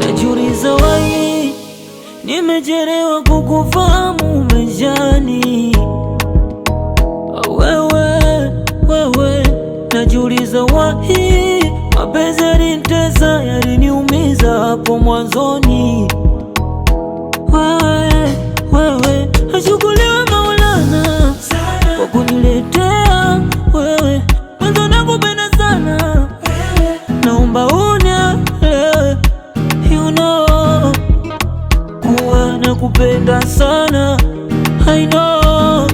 Najiuliza nimejerewa kukufahamu mejani. wewe, wewe. Najiuliza wai mapenzi yalinitesa yaliniumiza hapo mwanzoni wewe, wewe nakupenda sana I know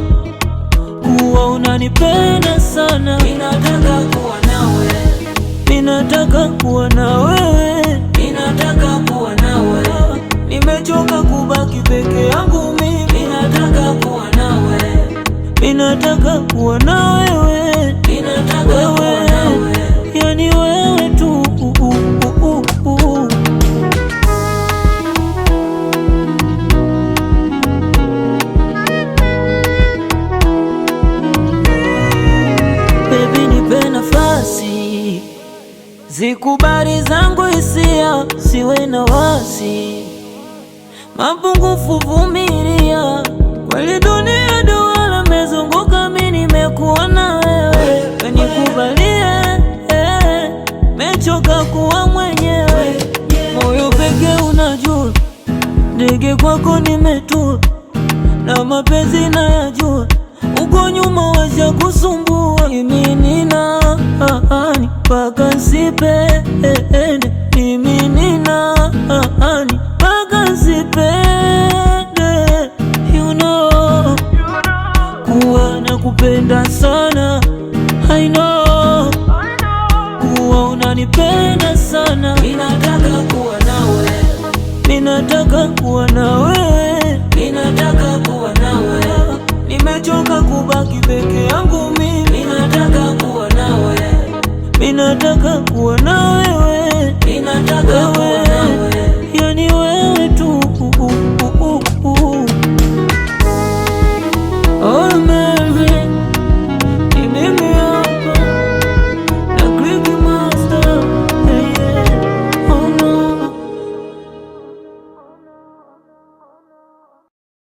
kuwa unanipenda sana ninataka kuwa nawe ninataka kuwa na wewe ninataka kuwa nawe nimechoka kubaki peke yangu mimi ninataka kuwa nawe ninataka kuwa na wewe ninataka kuwa nawe yani wewe Zikubali zangu hisia, siwe na wasi, mapungufu vumilia, kweli dunia duara mezunguka, mimi nimekuwa na wewe, nikubalie eh, mechoka kuwa mwenyewe, moyo peke unajua, ndege kwako nimetua, na mapenzi nayajua, uko nyuma wacha kusumbua mpaka sipende mimi ni nani mpaka sipende you know. Kuwa na kupenda sana I know. Kuwa unanipenda sana, ninataka kuwa nawe, ninataka kuwa nawe 我。